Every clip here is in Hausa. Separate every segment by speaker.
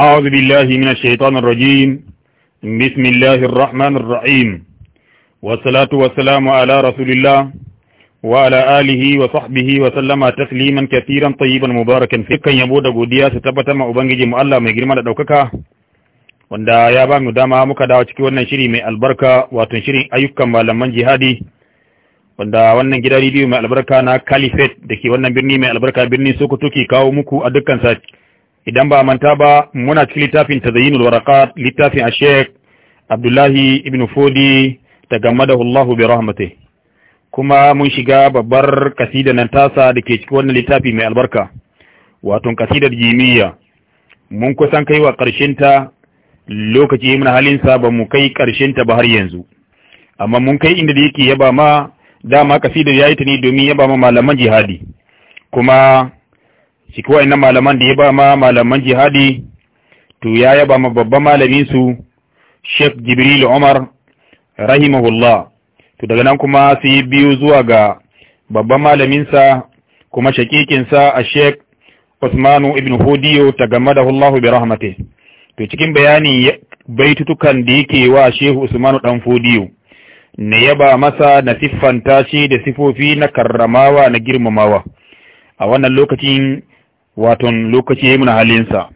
Speaker 1: أعوذ بالله من الشيطان الرجيم بسم الله الرحمن الرحيم والصلاة والسلام على رسول الله وعلى آله وصحبه وسلم تسليما كثيرا طيبا مباركا فيك يبود غوديا ستبتا ما ubangiji mu Allah mai girma da daukaka wanda ya ba mu dama muka dawo cikin wannan shiri mai albarka wato shirin ayyukan malaman jihadi wanda wannan gida rediyo mai albarka na Caliphate dake wannan birni mai albarka birnin Sokoto ke kawo muku a dukkan sati idan ba manta ba muna cikin littafin tazayyinul waraqat littafin Sheikh Abdullahi ibn Fodi tagammadahu Allah bi rahmatihi kuma mun shiga babbar kasidar nan tasa da ke cikin wannan littafi mai albarka wato kasidar jimiyya mun kusan kai wa ta lokaci muna halinsa ba mu kai ta ba har yanzu amma mun kai inda da yake yaba ma dama kasidar yi ta ne domin yaba ma malaman jihadi kuma kuwa wa'annan malaman da ya ba ma malaman jihadi to ya yaba ma babban malamin su Sheikh Jibril Umar rahimahullah to daga nan kuma su biyu zuwa ga babban malamin sa kuma shakikin sa a Sheikh Usmanu ibn Hudiyo tagammadahu Allah bi rahmati to cikin bayani baitutukan da yake wa sheikh usman dan Hudiyo ne yaba masa na siffanta shi da sifofi na karramawa na girmamawa a wannan lokacin waton lokaci ya yi muna halinsa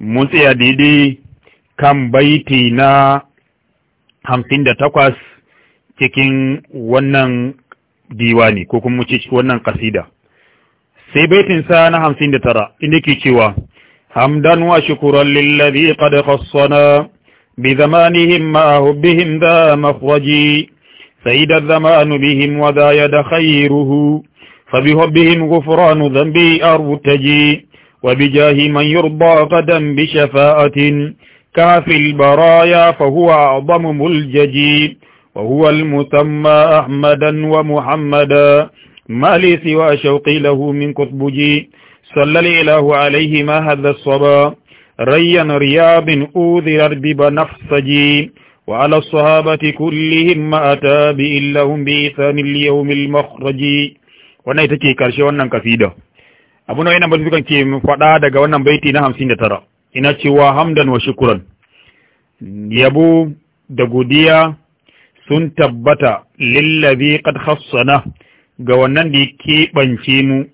Speaker 1: mun tsaya daidai kan baiti na hamsin da takwas cikin wannan diwani ko kuma ce wannan kasida sai baitinsa na hamsin da tara inda ke cewa hamdan wa shukuran lillazi qad khassana bi zamanihim ma hubbihim da makhraji سيد الزمان da ya da خيره فبحبهم غفران ذنبي أرتجي وبجاه من يرضى غدا بشفاءة كافي البرايا فهو أعظم ملججي وهو المسمى أحمدا ومحمدا ما لي سوى شوقي له من كثبجي صلى الإله عليه ما هذا الصبا ريا رياب أوذرت نفسجي وعلى الصحابة كلهم ما أتى بإلهم بإثان اليوم المخرجي wannan ita ce karshe wannan kasida abu na yana ba sukan ke faɗa daga wannan baiti na hamsin da tara ina cewa hamdan wa shukuran yabo da godiya sun tabbata lillazi qad khassana ga wannan da ya keɓance mu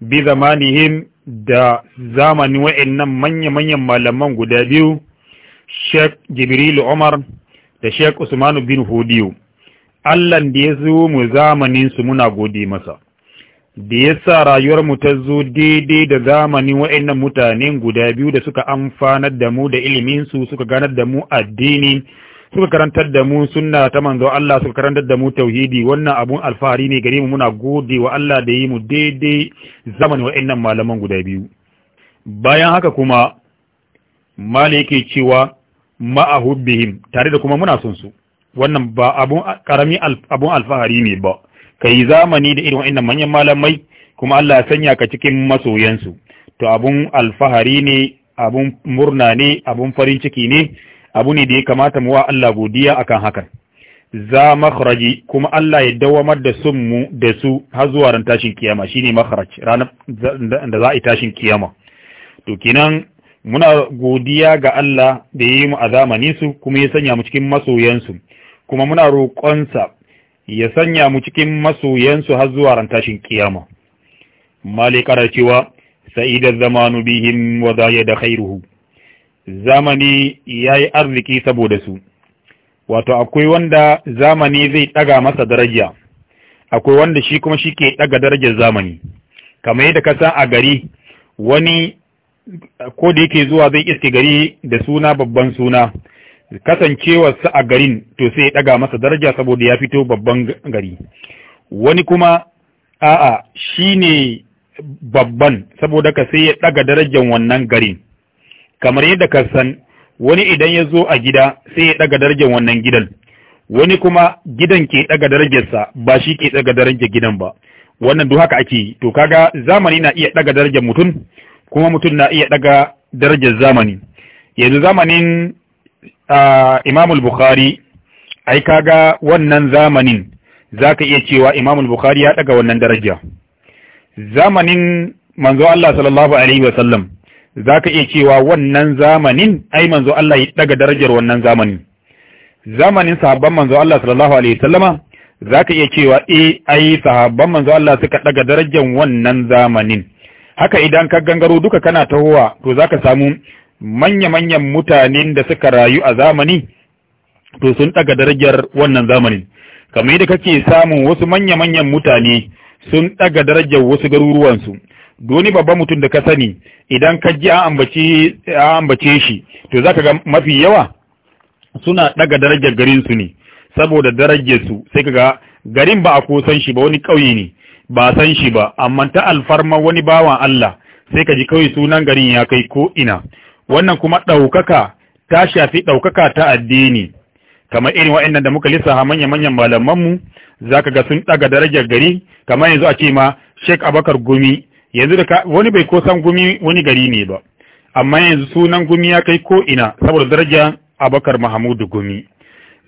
Speaker 1: bi zamanihim da zamanin wa'annan manya-manyan malaman guda biyu Sheikh Jibril Umar da Sheikh Usman bin Hudiyu Allah da ya zo mu zamanin su muna gode masa da ya sa rayuwar mu ta zo daidai da zamani wa'annan mutanen guda biyu da suka amfanar da mu da ilimin su suka ganar da mu addini suka karantar da mu sunna ta manzo Allah suka karantar da mu tauhidi wannan abun alfahari ne gare mu muna gode wa Allah da yi mu daidai zamanin wa'annan malaman guda biyu bayan haka kuma yake cewa ma'ahubbihim tare da kuma muna son su wannan ba abun karami abun alfahari ne ba ka yi zamani da irin wa'inda manyan malamai kuma Allah ya sanya ka cikin masoyansu to abun alfahari ne abun murna ne abun farin ciki ne abu ne da ya kamata mu wa Allah godiya akan hakan za makhraji kuma Allah ya dawamar da sun mu da su har zuwa ran tashin kiyama shine makhraj ranar da za a yi tashin kiyama to kenan muna godiya ga Allah da ya yi mu a zamanin su kuma ya sanya mu cikin masoyansu kuma muna roƙonsa ya sanya mu cikin masoyansu har zuwa ran tashin kiyama mali kara cewa sa'idar zamanu bihim wa ya da khairuhu zamani ya yi arziki saboda su wato akwai wanda zamani zai ɗaga masa daraja akwai wanda shi kuma shi ke ɗaga darajar zamani kamar yadda ka san a gari wani ko da yake zuwa zai iske gari da suna babban suna kasancewarsa a garin to sai ya ɗaga masa daraja saboda ya fito babban gari wani kuma a'a shi ne babban saboda ka sai ya ɗaga darajar wannan garin kamar yadda ka san wani idan ya zo a gida sai ya ɗaga darajar wannan gidan wani kuma gidan ke ɗaga darajarsa ba shi ke ɗaga darajar gidan ba wannan duk haka ake to kaga zamani na iya ɗaga darajar mutum kuma mutum na iya ɗaga darajar zamani yanzu zamanin Ah, Imam al-Bukhari ai kaga wannan zamanin zaka iya cewa Imam al-Bukhari ya daga wannan daraja zamanin manzo Allah sallallahu alaihi wa sallam zaka iya cewa wannan zamanin ai manzo Allah ya daga darajar wannan zamanin zamanin sahabban manzo Allah sallallahu alaihi wa sallama zaka iya cewa eh ai sahabban manzo Allah suka daga darajar wannan zamanin haka idan ka gangaro duka kana tahowa to zaka samu manya-manyan mutanen da suka rayu a zamani to sun ɗaga darajar wannan zamanin kamar yadda kake samun wasu manya-manyan mutane sun ɗaga darajar wasu garuruwansu doni babban mutum da ka sani idan ka ji an ambace shi to zaka ga mafi yawa suna ɗaga darajar garinsu ne saboda darajarsu sai ka ga garin ba a ko san shi ba wani ƙauye ne ba a san shi ba amma ta alfarma wani bawan Allah sai ka ji kawai sunan garin ya kai ko ina wannan kuma ɗaukaka ta shafi ɗaukaka ta addini kamar irin wa'annan da muka lissa manya-manyan malamanmu za ka ga sun ɗaga darajar gari kamar yanzu a ce ma sheikh abakar gumi yanzu da wani bai kosan gumi wani gari ne ba amma yanzu sunan gumi ya kai ko ina saboda darajar abakar mahamudu gumi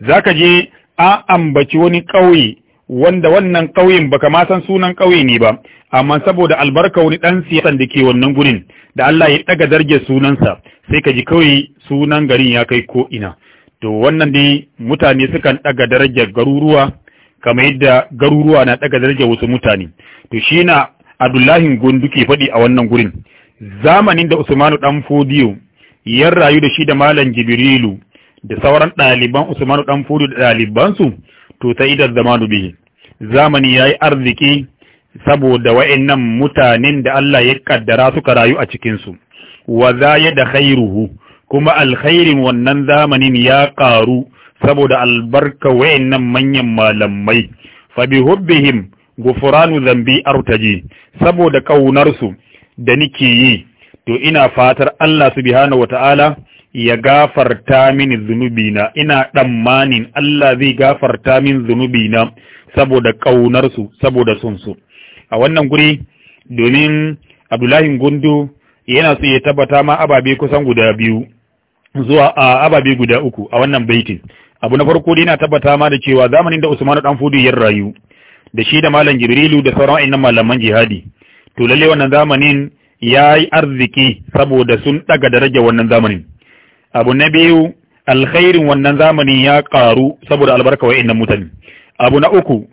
Speaker 1: za ka je a ambaci wani ƙauye wanda wannan ƙauyen baka ma san sunan ƙauye ne ba amma saboda albarka wani ɗan siyasan da ke wannan gurin da Allah ya ɗaga zarge sunansa sai ka ji kawai sunan garin ya kai ko ina to wannan dai mutane sukan ɗaga darajar garuruwa kamar yadda garuruwa na ɗaga darajar wasu mutane to shi na Abdullahi Gundu ke faɗi a wannan gurin zamanin da Usmanu dan Fodiyo ya rayu da shi da Malam Jibrilu da sauran ɗaliban Usmanu dan Fodiyo da ɗalibansu to sai da zamanu bihi zamani yayi arziki saboda wa'annan mutanen da Allah ya kaddara suka rayu a cikinsu, wa za ya da khairuhu, kuma alkhairin wannan zamanin ya ƙaru saboda albarka wa'annan manyan malamai, fabi hubbihim gufuranu zambi artaji, saboda ƙaunarsu da nike yi, to ina fatar Allah subhanahu wata'ala ya gafarta mini zunubina, ina ɗammanin Allah zai gafarta min zunubina saboda ƙaunarsu, saboda sunsu. a wannan guri domin Abdullahi Gundu yana so ya tabbata ma ababe kusan guda biyu zuwa a ababe guda uku a wannan baitin abu na farko dai yana tabbata ma da cewa zamanin da Usmanu dan Fudu ya rayu da shi da malam Jibrilu da sauran wa'annan malaman jihadi to lalle wannan zamanin ya yi arziki saboda sun daga daraja wannan zamanin abu na biyu alkhairin wannan zamanin ya karu saboda albarka wa'annan mutane abu na uku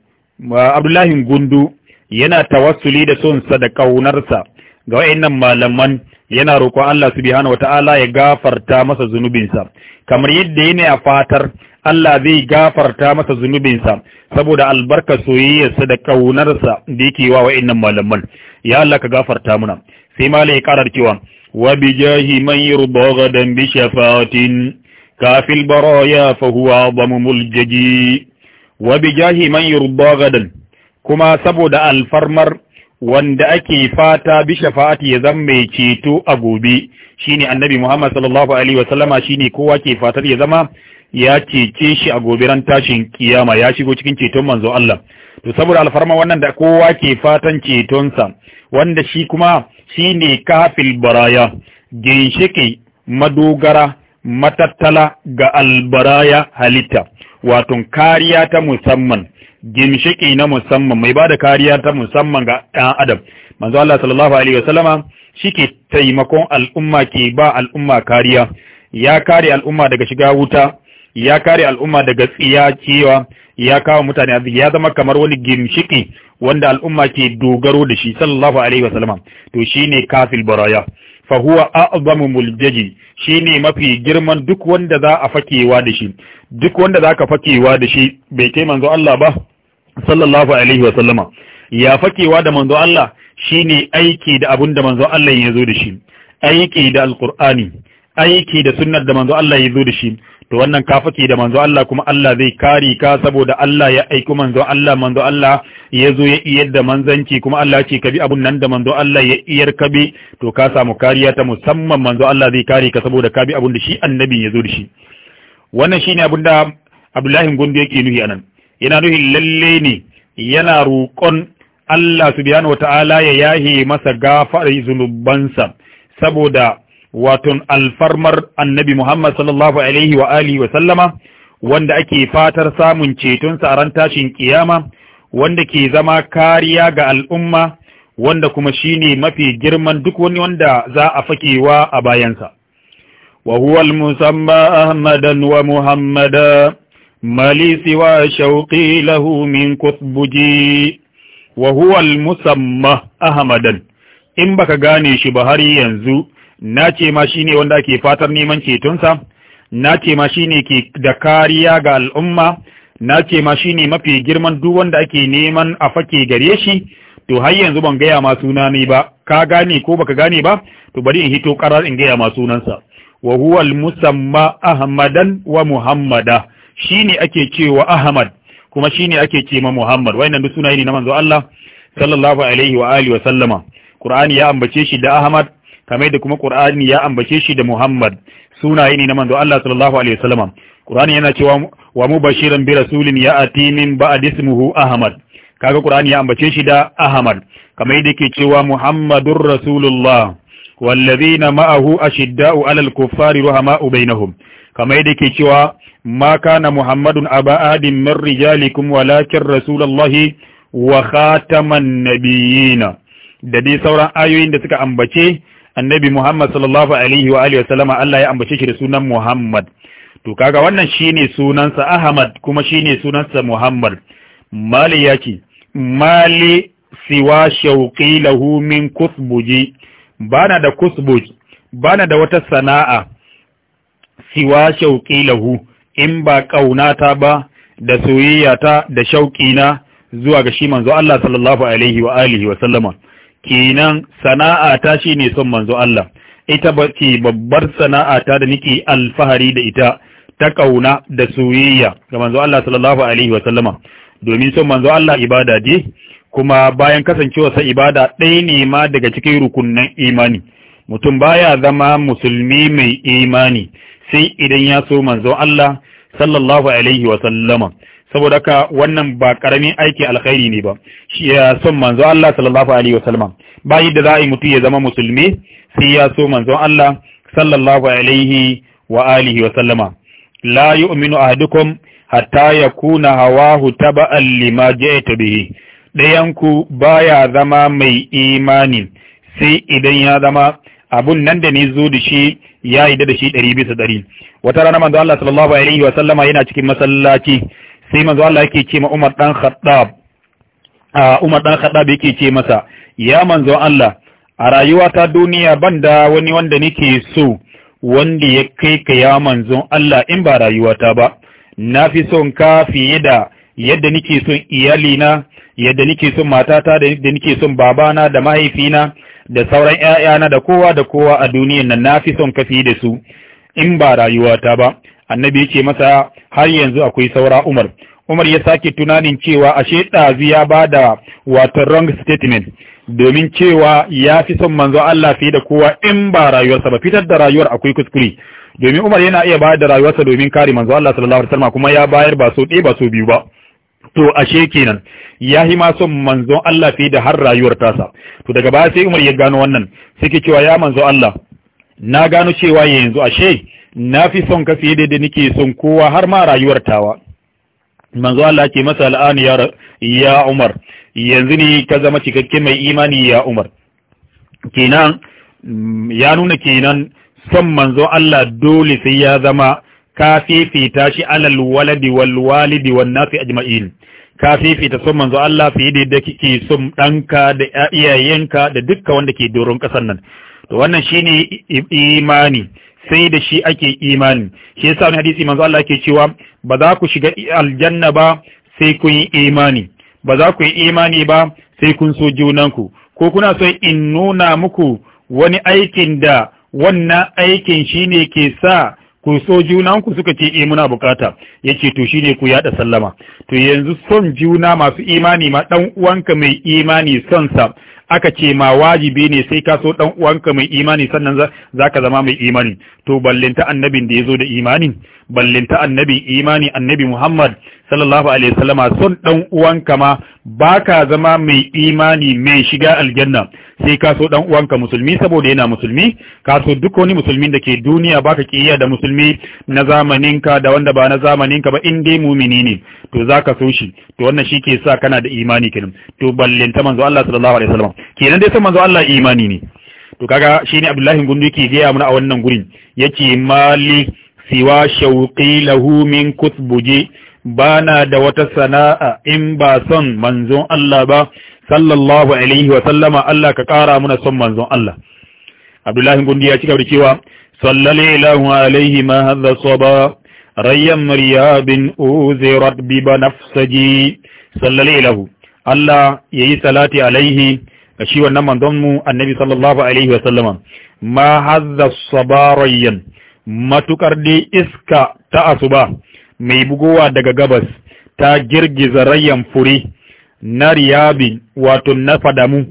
Speaker 1: Abdullahi Gundu yana tawassuli da son sa da ƙaunarsa ga wa'annan malaman yana roƙon Allah subhanahu wata'ala ya gafarta masa zunubinsa kamar yadda yana fatar Allah zai gafarta masa zunubinsa saboda albarka soyayyarsa da ƙaunarsa da yake wa wa'annan malaman ya Allah ka gafarta muna sai malai karar cewa wa bi jahi man yurda gadan bi shafatin kafil baraya fa huwa adamul jaji wa bi jahi man yurda gadan kuma saboda alfarmar wanda ake fata bi shafa'ati ya zama mai ceto a gobe shine annabi Muhammad sallallahu alaihi wasallama shine kowa ke fatar ya zama ya cece shi a gobe ran tashin kiyama ya shigo cikin ceton manzo Allah to saboda alfarma wannan da kowa ke fatan cetonsa wanda shi kuma shine kafil baraya ginshiki madogara matattala ga albaraya halitta wato kariya ta musamman gimshiki na musamman mai bada kariya ta musamman ga ɗan adam manzo Allah sallallahu alaihi wasallama shike taimakon al'umma ke ba al'umma kariya ya kare al'umma daga shiga wuta ya kare al'umma daga tsiya cewa ya kawo mutane arziki ya zama kamar wani gimshiki wanda al'umma ke dogaro da shi sallallahu alaihi wasallama to shine kafil baraya Fahuwa huwa a'zamu muljaji shine mafi girman duk wanda za a fakewa da shi duk wanda zaka fakewa da shi bai kai manzo Allah ba sallallahu alaihi wa sallama ya fakewa da manzo Allah shine aiki da abun da manzo Allah ya zo da shi aiki da alqur'ani aiki da sunnar da manzo Allah ya zo da shi to wannan kafaki da manzo Allah kuma Allah zai kare ka saboda Allah ya aiki manzo Allah manzo Allah ya zo ya iyar da manzanci kuma Allah ce ka bi abun nan da manzo Allah ya iyar ka bi to ka samu kariya ta musamman manzo Allah zai kare ka saboda ka bi abun da shi annabi ya zo da shi wannan shine abun da Abdullahi Gundu yake nuhi anan yana nuhi lalle ne yana roƙon Allah subhanahu wataala ya yahe masa gafara zunubansa saboda waton alfarmar annabi Muhammad sallallahu alaihi wa alihi wa sallama wanda ake fatar samun ceton a ran tashin kiyama wanda ke zama kariya ga al'umma wanda kuma shine mafi girman duk wani wanda za a fakewa a bayansa wahuwal huwa musamma ahmadan wa muhammada Malisi wa shauƙi lahu min kuthbuji wahuwal musamma ahmadan in baka gane shi ba har yanzu na ce ma shine wanda ake fatar neman cetonsa na ce ma shine ne da kariya ga al'umma na ce ma shine mafi girman duk wanda ake neman a fake gare shi to har yanzu ban gaya ma suna ne ba ka gane ko baka gane ba to bari in hito karar in gaya ma sunansa wa huwa musamma ahmadan wa muhammada ne ake cewa ahmad kuma shi ne ake ce ma muhammad wayannan duk sunaye ne na manzo Allah sallallahu alaihi wa alihi wa sallama qur'ani ya ambace shi da ahmad kamar da kuma Qur'ani ya ambace shi da Muhammad sunaye ne na manzo Allah sallallahu alaihi wasallam Qur'ani yana cewa wa mubashiran bi rasulin ya'ati min ba'd ismihi Ahmad kaga Qur'ani ya ambace shi da Ahmad kamar da yake cewa Muhammadur Rasulullah والذين معه alal على الكفار رحماء بينهم كما يدك شوى ما كان muhammadun أبا adin من رجالكم ولكن رسول wa وخاتم النبيين da dai sauran ayoyin da suka ambace annabi Muhammad sallallahu alaihi wa alihi wa sallama Allah ya ambace shi da sunan Muhammad to kaga wannan shine sunansa Ahmad kuma shine sunansa Muhammad mali yake mali siwa shauqi lahu min kusbuji bana da kusbuji bana da wata sana'a siwa shauqi lahu in ba kaunata ba da soyayyata da na zuwa ga shi manzo Allah sallallahu alaihi wa alihi sallama kenan sana'a ta shine son manzo Allah ita ke babbar sana'a da nake alfahari da ita ta ƙauna da soyayya ga manzo Allah sallallahu alaihi wa sallama domin son manzo Allah ibada ce kuma bayan sa ibada ɗaya ne ma daga cikin rukunnan imani mutum baya zama musulmi mai imani sai idan ya so manzo Allah sallallahu alaihi wa sallama saboda ka wannan ba karamin aiki alkhairi ne ba shi ya son manzo Allah sallallahu alaihi wasallam bayi da za'i mutu ya zama musulmi sai ya so manzo Allah sallallahu alaihi wa alihi wasallama la yu'minu ahadukum hatta yakuna hawahu taba'an lima ja'ata bihi dayanku baya zama mai imani sai idan ya zama abun nan da ni zo da shi ya yi da shi ɗari bisa ɗari wata rana manzo Allah sallallahu alaihi wa sallama yana cikin masallaci sai manzo Allah yake ce ma Umar dan Khattab Umar dan Khattab yake ce masa ya manzo Allah a rayuwa ta duniya banda wani wanda nake so wanda ya kai ka ya manzo Allah in ba rayuwata ba na fi son ka fiye da yadda nake son iyalina yadda nake son matata da nake son babana da mahaifina da sauran 'ya'yana da kowa da kowa a duniyan nan na fi son ka fiye da su in ba rayuwata ba annabi ya ce masa har yanzu akwai saura Umar Umar ya sake tunanin cewa ashe ɗazu ya ba da wata wrong statement domin cewa ya fi son manzo Allah fiye da kowa in ba rayuwarsa ba fitar da rayuwar akwai kuskure domin Umar yana iya bayar da rayuwarsa domin kare manzo Allah sallallahu alaihi wasallam kuma ya bayar ba so ɗaya ba so biyu ba to ashe kenan ya hima ma son manzo Allah fiye da har rayuwar tasa to daga baya sai Umar ya gano wannan sai ke cewa ya manzo Allah na gano cewa yanzu ashe na fi son ka fiye da da nake son kowa har ma rayuwar tawa manzo Allah ke masa al'ani ya ya Umar yanzu ne ka zama cikakke mai imani ya Umar kenan ya nuna kenan son manzo Allah dole sai ya zama ka fifita shi alal waladi wal walidi wan nasi ajma'in ka fifita son manzo Allah fiye da yadda kike son danka da iyayenka da dukkan wanda ke doron kasar nan to wannan shine imani sai da shi ake imani shi yasa wani hadisi manzo Allah ke cewa ba za ku shiga aljanna ba sai kun yi imani ba za ku yi imani ba sai kun so ku ko kuna so in nuna muku wani aikin da wannan aikin shine ke sa ku so ku suka ce imuna eh, muna bukata yace to shine ku yada sallama to yanzu son juna masu imani ma dan uwanka mai imani son sa aka ce ma wajibi ne sai ka so dan uwanka mai imani sannan za ka zama mai imani to ballinta annabin da ya zo da imani ballinta annabin imani annabi Muhammad sallallahu alaihi wasallama son dan uwanka ma baka zama mai imani mai shiga aljanna sai ka so dan uwanka musulmi saboda yana musulmi ka so duk wani musulmin da ke duniya baka kiyaya da musulmi na zamaninka da wanda ba na zamaninka ba in dai mumini ne to zaka so shi to wannan shi ke sa kana da imani kenan to ta manzo Allah sallallahu alaihi wasallam kenan dai sai manzo Allah imani ne to kaga shine Abdullahi gundu yake gaya mana a wannan gurin yake mali siwa shauqi lahu min kutbuji bana da wata sana'a in ba son manzon Allah ba sallallahu alaihi wa sallama Allah ka ƙara muna son manzon Allah Abdullahi Gundi ya cika da cewa sallallahu alaihi ma hadha saba rayyan riyabin uzirat bi banafsaji sallallahu Allah yayi salati alaihi shi wannan manzon mu annabi sallallahu alaihi wa sallama ma hadha saba rayyan matukar dai iska ta asuba mai bugowa daga gabas ta girgiza rayan fure na riyabi wato na fadamu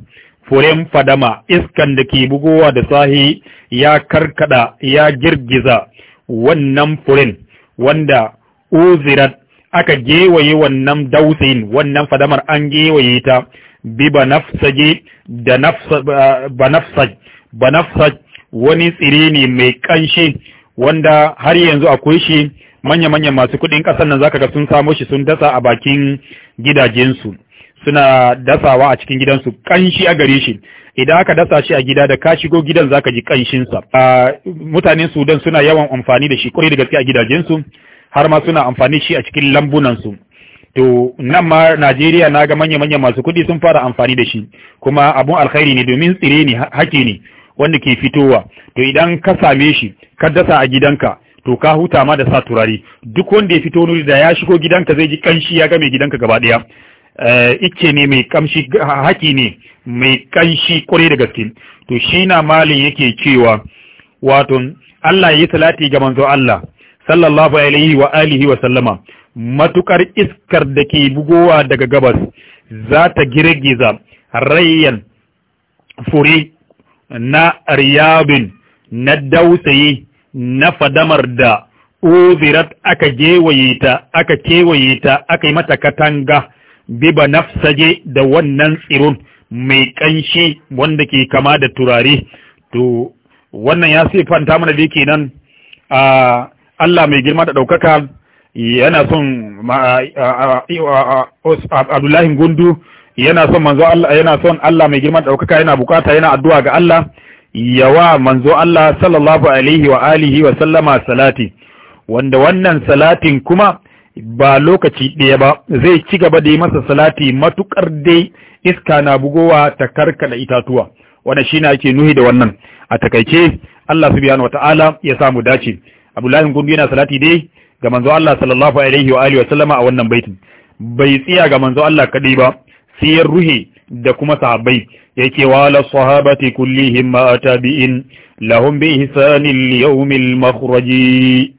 Speaker 1: furen fadama iskan da ke bugowa da sahi ya karkada ya girgiza wannan furen wanda uzirat aka gewaye wannan dausin wannan fadamar an gewaye ta bi banafsaje da banafsaj banafsaj wani tsire ne mai kanshe wanda har yanzu akwai shi manya-manyan masu kuɗin ƙasar nan zaka ga sun samo shi sun dasa a bakin gidajensu suna dasawa a cikin gidansu ƙanshi a gare shi idan aka dasa shi a gida da ka shigo gidan zaka ji ƙanshinsa mutanen sudan suna yawan amfani da shi kwarai da gaske a gidajensu har ma suna amfani shi a cikin lambunansu to nan ma Najeriya naga ga manya-manya masu kuɗi sun fara amfani da shi kuma abun alkhairi ne domin tsire ne hake ne wanda ke fitowa to idan ka same shi ka dasa a gidanka to ka huta ma da sa turare duk wanda ya fito nuri da ya shigo gidanka zai ji kanshi ya ga mai gidanka gaba daya eh, icce ne mai kamshi haki ne mai kanshi kwarai da gaske to shi na malin yake cewa wato Allah ya yi salati ga manzo Allah sallallahu alaihi wa alihi wa sallama matukar iskar da ke bugowa daga gabas za ta girgiza rayyan fure na riyabin na dausaye. na fadamar da uzirat aka gewaye ta aka kewaye ta aka yi mata katanga biba nafsaje da wannan tsirun mai kanshi wanda ke kama da turare to wannan ya sifanta mana da kenan a Allah mai girma da ɗaukaka yana son Abdullahi Gundu yana son manzo Allah yana son Allah mai girma da ɗaukaka yana bukata yana addu'a ga Allah yawa manzo Allah sallallahu alaihi wa alihi wa sallama salati wanda wannan salatin kuma ba lokaci ɗaya ba zai ci gaba da yi masa salati matukar dai iska na bugowa ta karkada itatuwa wanda shi na ake nuhi da wannan a takaice Allah subhanahu wata'ala ya samu dace Abdullahi Gundu yana salati dai ga manzo Allah sallallahu alaihi wa alihi wa sallama a wannan baitin bai tsiya ga manzo Allah kadai ba sai ya ruhe da kuma sahabbai yake wa ala sahabati kullihim ma atabi'in lahum bi ihsanil yawmil makhraji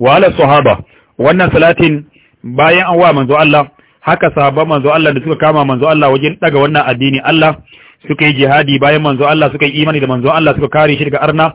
Speaker 1: wa ala sahaba wannan salatin bayan an wa manzo Allah haka sahaba manzo Allah da suka kama manzo Allah wajen daga wannan addini Allah suka yi jihadi bayan manzo Allah suka yi imani da manzo Allah suka kare shi daga arna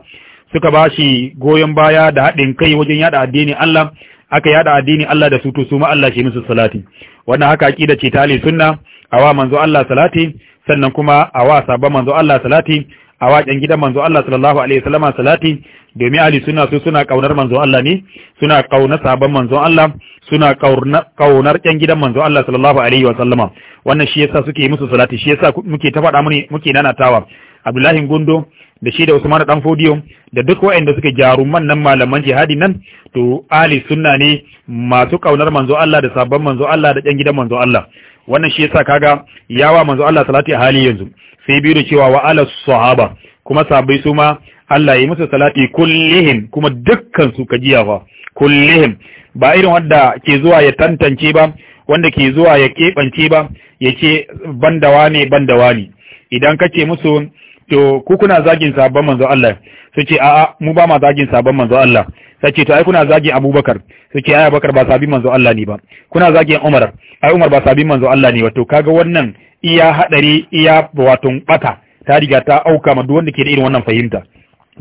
Speaker 1: suka bashi goyon baya da haɗin kai wajen yada addini Allah aka yada addini Allah da su to su ma Allah shi musu salati wannan haka aqida ce ta sunna awa manzo Allah salati sannan kuma awa sabon manzo Allah salati awa kyan gidan manzo Allah sallallahu alaihi wasallama salati domin ali suna su suna kaunar manzo Allah ne suna kaunar sabon manzo Allah suna kaunar kyan gidan manzo Allah sallallahu alaihi wasallama wannan shi yasa suke musu salati shi yasa muke ta faɗa muke nanatawa Abdullahi Gundo da shi da Usman dan Fodiyo da duk waɗanda suke jaruman nan malaman jihadi nan to Ali sunna ne masu kaunar manzo Allah da sabon manzo Allah da ɗan gidan manzo Allah wannan shi yasa kaga yawa manzo Allah salati a hali yanzu sai biyu da cewa wa ala sahaba kuma sabai su ma Allah yi musu salati kullihim kuma dukkan su jiya fa kullihim ba irin wanda ke zuwa ya tantance ba wanda ke zuwa ya kebance ba ya ce bandawa ne bandawa ne idan kace musu to ku kuna zagin sabon manzo Allah suke a'a mu ba ma zagin sabon manzo Allah sace to ai kuna zagin Abubakar suke ai Abubakar ba sabin manzo Allah ne ba kuna zagin Umar ai Umar ba sabin manzo Allah ne wato kaga wannan iya hadari iya wato bata ta riga ta auka ma duk wanda ke da irin wannan fahimta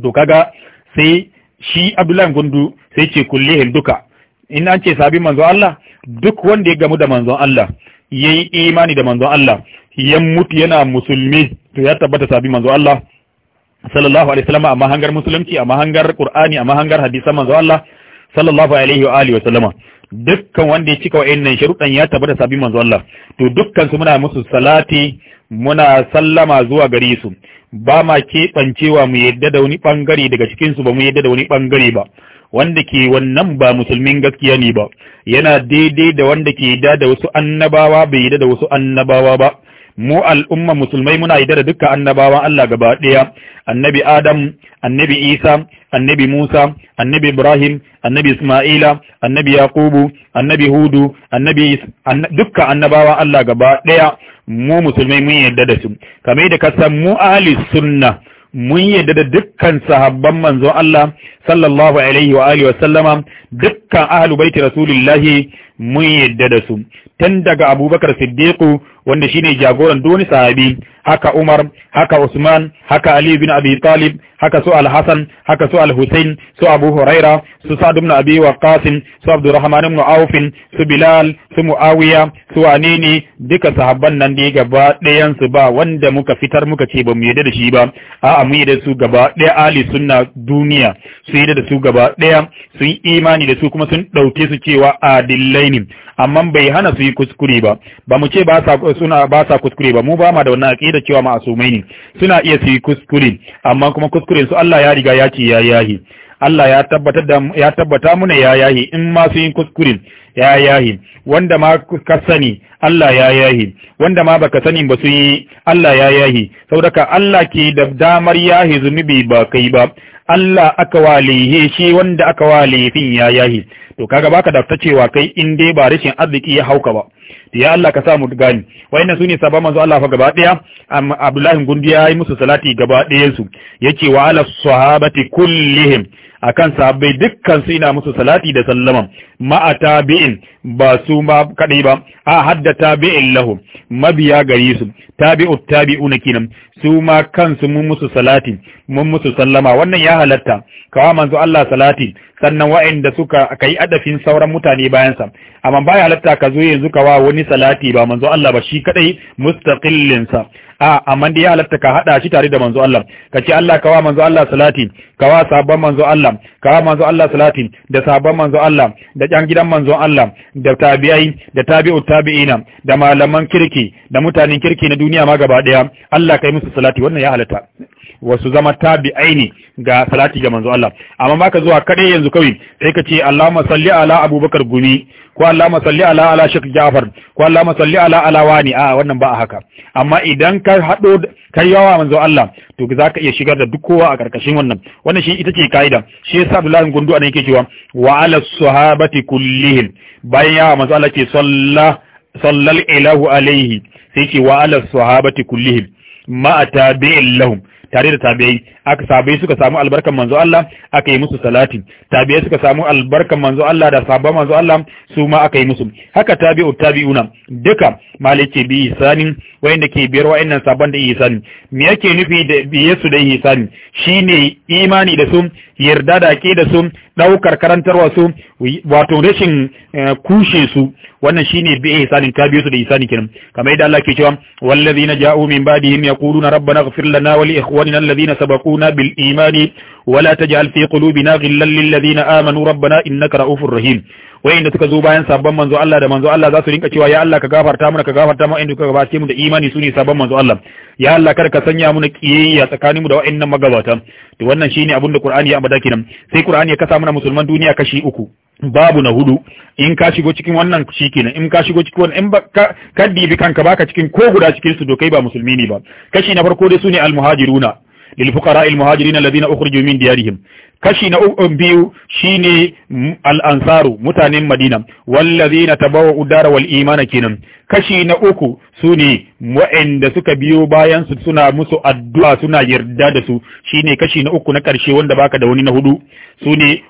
Speaker 1: to kaga sai shi Abdullahi Gundu sai ce kulle duka in an ce sabin manzo Allah duk wanda ya gamu da manzon Allah yayi imani da manzon Allah Yan mutu yana musulmi to ya tabbata sabi manzo Allah sallallahu alaihi wasallam amma hangar musulunci amma hangar qur'ani amma hangar hadisan manzo Allah sallallahu alaihi wa alihi wasallama dukkan wanda ya cika wa'annan sharuɗan ya tabbata sabi manzo Allah to dukkan su muna musu salati muna sallama zuwa gare su ba ma keɓancewa mu yadda da wani ɓangare daga cikin su ba mu yadda da wani ɓangare ba wanda ke wannan ba musulmin gaskiya ne ba yana daidai da wanda ke yadda da wasu annabawa bai yadda da wasu annabawa ba mu al'umma musulmai muna yi da dukkan annabawan Allah gaba ɗaya annabi Adam annabi Isa annabi Musa annabi Ibrahim annabi Isma'ila annabi Yaqubu annabi Hudu annabi dukkan annabawan Allah gaba ɗaya mu musulmai mun yarda da su kamar da kasan mu ahli sunna mun yadda da dukkan sahabban manzon Allah sallallahu alaihi wa alihi wa sallama dukkan ahlu baiti rasulillahi mun yadda da su tun daga Abubakar Siddiqu wanda shine jagoran duk wani sahabi haka Umar haka Usman haka Ali bin Abi Talib haka su Al-Hasan haka su al hussein su Abu Huraira su Sa'd ibn Abi Waqqas su Abdurrahman ibn Auf su Bilal su Muawiya su Anini duka sahabban nan da gaba ɗayan su ba wanda muka fitar muka ce ba mu yarda da shi ba a'a mu yarda da su gaba ɗaya Ali sunna duniya su yarda da su gaba ɗaya yi imani da su kuma sun dauke su cewa adillai ne amma bai hana su yi kuskure ba ba mu ce ba sa kawai suna ba sa kuskure ba mu ba ma da wannan aqida cewa ma'asumai ne suna iya su kuskure amma kuma kuskuren su Allah ya riga ya ce ya yahi Allah ya tabbatar da ya tabbata muna ya yahi in ma su yin kuskure ya yahi wanda ma ka sani Allah ya yahi wanda ma baka sani ba su yi Allah ya yahi saboda Allah ke da damar yahi zunubi ba kai ba Allah aka walihe shi wanda aka walifin ya yahi to kaga baka da ta cewa kai in dai ba rashin arziki ya hauka ba ya Allah ka samu gani wayannan sune sabon manzo Allah fa gaba daya Abdullahi Gundi ya yi musu salati gaba daya su yace wa ala sahabati kullihim akan sahabbai dukkan ina musu salati da sallama ma'a tabi'in ba su ma kadai ba a hadda tabi'in lahu mabiya gare su tabi'u tabi'una kinan su ma kansu mun musu salati mun musu sallama wannan ya halatta kawa manzo Allah salati sannan wa'anda suka kai adafin sauran mutane bayan sa amma baya halatta ka zo yanzu kawa wani salati ba manzo Allah ba shi kadai mustaqillin sa a amma da ya halatta ka hada shi tare da manzo Allah ka ce Allah kawa manzo Allah salati kawa sabon manzo Allah kawa manzo Allah salati da sabon manzo Allah da ƴan gidan manzo Allah da tabi'ai da tabi'u tabi'ina da malaman kirki da mutanen kirki na duniya ma gaba daya Allah kai musu salati wannan ya halatta wasu zama tabi'aini ga salati ga manzo Allah amma baka zuwa kare yanzu kawai sai ka ce Allahumma salli ala Abubakar Gumi ko Allahumma salli ala ala Sheikh Ja'far ko Allahumma salli ala ala wani a wannan ba a haka amma idan ka hado kai yawa manzo Allah to zaka iya shigar da duk kowa a karkashin wannan wannan shi ita ce kaida shi yasa Abdullahi Gundu anan yake cewa wa ala sahabati kullihim bayan yawa manzo Allah ce sallallahu sallal ilahu alaihi sai ce wa ala sahabati kullihim ma atabi'in lahum tare da tabi'ai aka sabai suka samu albarkan manzo Allah aka yi musu salati tabi'ai suka samu albarkan manzo Allah da sabba manzo Allah su ma aka yi musu haka tabi'u tabi'una duka malike bi isanin wayanda ke biyar wayannan sabban da isanin me yake nufi da biye su da isanin shine imani da su yarda da ke da su daukar karantarwa su wato rashin eh, kushe su wannan shine bi ihsanin ka biyo su da ihsani kenan kamar yadda Allah ke cewa wallazina ja'u min ba'dihim yaquluna rabbana ighfir lana wa li ikhwanina alladhina sabaquna bil imani wa la taj'al fi qulubina ghillan lil ladina amanu rabbana innaka ra'ufur rahim wayanda suka zo bayan sabon manzo Allah da manzo Allah za su rinka cewa ya Allah ka gafarta mana ka gafarta mana inda ka gabace mu da imani su ne sabon manzo Allah ya Allah kar ka sanya mu na kiyayya tsakanin mu da wayannan magabata to wannan shine abin da Qur'ani ya ambata kinan sai Qur'ani ya kasa mana musulman duniya kashi uku babu na hudu in ka shigo cikin wannan shi in ka shigo cikin wannan in ba ka dibi kanka baka cikin ko guda cikin su to kai ba musulmi ne ba kashi na farko dai sune al-muhajiruna lil fuqara al-muhajirin alladhina ukhrijoo min diyarihim kashi na biyu shine al-ansaru mutanen Madina wallazina tabawwa'u udara wal imana kenan kashi na uku ne wa'inda suka biyo bayan su suna musu addu'a suna yarda da su shine kashi na uku na karshe wanda baka da wani na hudu sune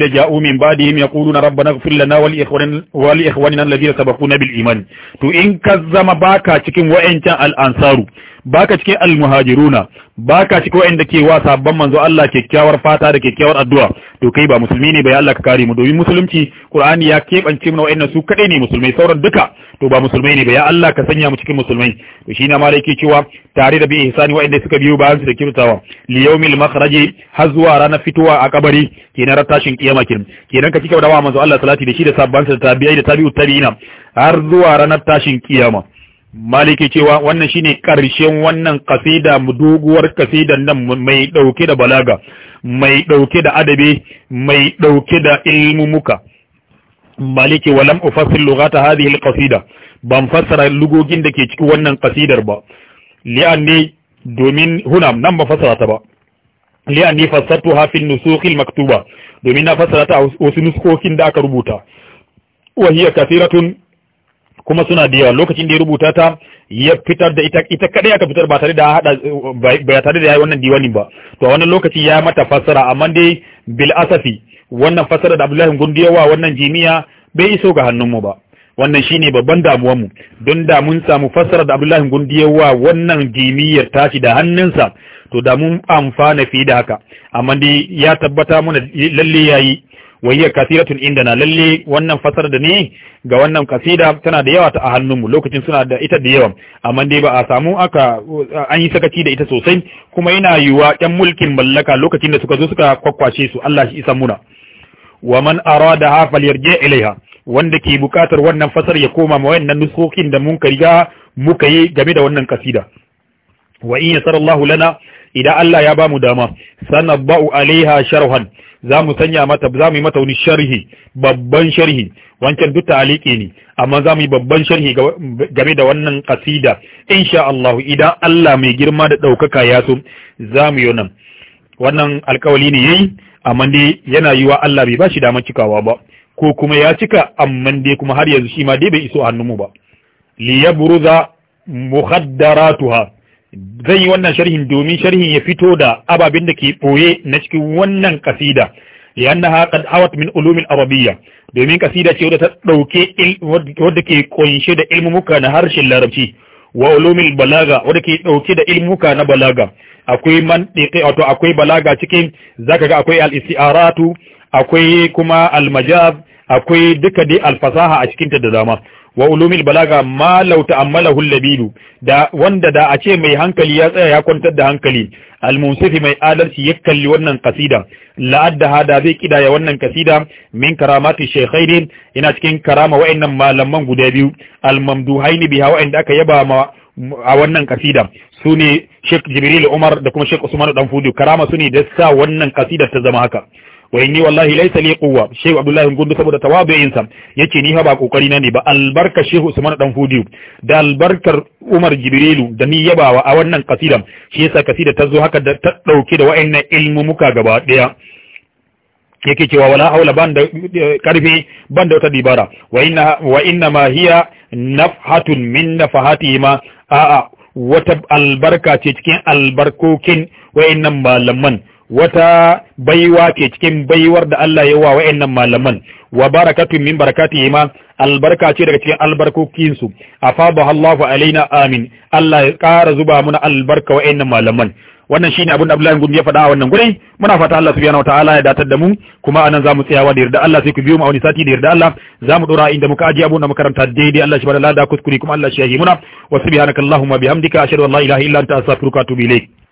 Speaker 1: da ja'u min na yaquluna na ighfir na wal ikhwanina wal ikhwanina alladhina sabaquna bil iman to in ka zama baka cikin wa'incan al'ansaru baka cikin al-muhajiruna baka cikin wa'inda ke wa sabban manzo Allah kyakkyawar fata da ke kyakkyawar addu'a to kai ba musulmi ne ba ya Allah ka kare mu domin musulunci Qur'ani ya kebance mu wa'annan su kadai ne musulmai sauran duka to ba musulmai ne ba ya Allah ka sanya mu cikin musulmai to shi na malaiki cewa tare da bi ihsani wa'anda suka biyo bayan su da kirtawa li yawmil makhraji har zuwa ranar fitowa a kabari kenan ratashin kiyama kenan kenan ka kika da wa manzo Allah salati da shi da sabban da tabi'ai da tabi'ut tabi'ina har zuwa ranar tashin kiyama maliki cewa wannan shine karshen wannan kasida doguwar kasidan nan mai dauke da balaga mai dauke da adabi mai dauke da ilmumuka maliki walam ufassil lughata hadhihi alqasida ban fassara lugogin da ke cikin wannan kasidar ba li'anni domin huna nan ba fassara ta ba li'anni fassartuha fi an-nusukh al-maktuba domin na fassara ta wasu nuskokin da aka rubuta wa hiya kathiratun kuma suna da yawa lokacin da ya rubuta ta ya fitar da ita ita kadai aka fitar ba tare da hada ba tare da yayi wannan diwani ba to a wannan lokaci ya mata fasara amma dai bil asafi wannan fassara da Abdullahi Gundiyawa wannan jimiya bai iso ga hannun mu ba wannan shine babban damuwar mu don da mun samu fassara da Abdullahi Gundiyawa wannan jimiyar tashi da hannunsa to da mun amfana fi da haka amma dai ya tabbata mana lalle yayi wayya kasiratun na lalle wannan fasar da ne ga wannan kasida tana da yawa ta a hannunmu lokacin suna da ita da yawa amma dai ba a samu aka an yi sakaci da ita sosai kuma yana yiwa ɗan mulkin mallaka lokacin da suka zo suka kwakwashe su Allah shi isa muna wa man arada ha falyarji ilaiha wanda ke bukatar wannan fasar ya koma ma wayannan nusokin da mun riga muka yi game da wannan kasida wa in yasarallahu lana idan Allah ya bamu dama sanabba'u alaiha sharhan za mu sanya mata za mu yi mata wani sharhi babban sharhi wancan duk taliki ne amma za mu yi babban sharhi game da wannan kasida insha Allah idan Allah mai girma da ɗaukaka ya so za mu yi nan wannan alkawali ne yayi amma dai yana yiwa Allah bai bashi damar cikawa ba ko kuma ya cika amma dai kuma har yanzu shi ma dai bai iso mu ba li yabruza muhaddaratuha zan yi wannan sharhin domin sharhin ya fito da ababen da ke boye na cikin wannan kasida li'annaha qad awat min ulumil arabiyya domin kasida ce wadda ta dauke wadda ke kunshe da ilmumuka na harshen larabci wa ulumin balaga wadda ke dauke da ilmuka na balaga akwai man wato akwai balaga cikin zaka ga akwai al-isti'aratu akwai kuma al-majaz akwai duka dai al-fasaha a cikin ta da dama wa ulumil balaga ma law ta'ammalahu labidu da wanda da a ce mai hankali ya tsaya ya kwantar da hankali al-munsifi mai adalci ya kalli wannan kasida la'adda hada zai kidaya wannan kasida min karamati shaykhaini ina cikin karama wa'annan malaman guda biyu al-mamduhaini biha wa'anda aka yaba ma a wannan kasida su ne Sheikh Jibril Umar da kuma Sheikh Usman Danfudu karama su ne da sa wannan kasida ta zama haka wa wallahi laysa li quwwa shehu abdullahi gundu saboda tawabi'in sa yace ni ha ba kokari na ne ba albarka shehu usman dan hudiyu da albarkar umar jibrilu da ni yabawa a wannan kasida shi yasa kasida ta zo haka da ta dauke da wa'annan ilmumuka gaba daya yake cewa wala haula ban da eh, karfi ban da wata dibara wa inna wa inna ma hiya nafhatun min ma a'a wata albarka ce cikin albarkokin wayannan malaman wata baiwa ke cikin baiwar da Allah ya wa wa'annan malaman wa barakatun min ma albarka ce daga cikin albarkokin su afadaha Allahu alaina amin Allah ya ƙara zuba muna albarka wa'annan malaman wannan shine abin da Abdullahi Gumi ya faɗa a wannan gurin muna fata Allah subhanahu wataala ya datar da mu kuma anan zamu tsayawa da yarda Allah sai ku biyo mu a wani sati da yarda Allah zamu dora inda muka aje abun da makaranta daidai Allah shi bada lada kuskure kuma Allah shi ya yi muna wa subhanakallahumma bihamdika ashhadu an la ilaha illa anta astaghfiruka wa atubu ilayk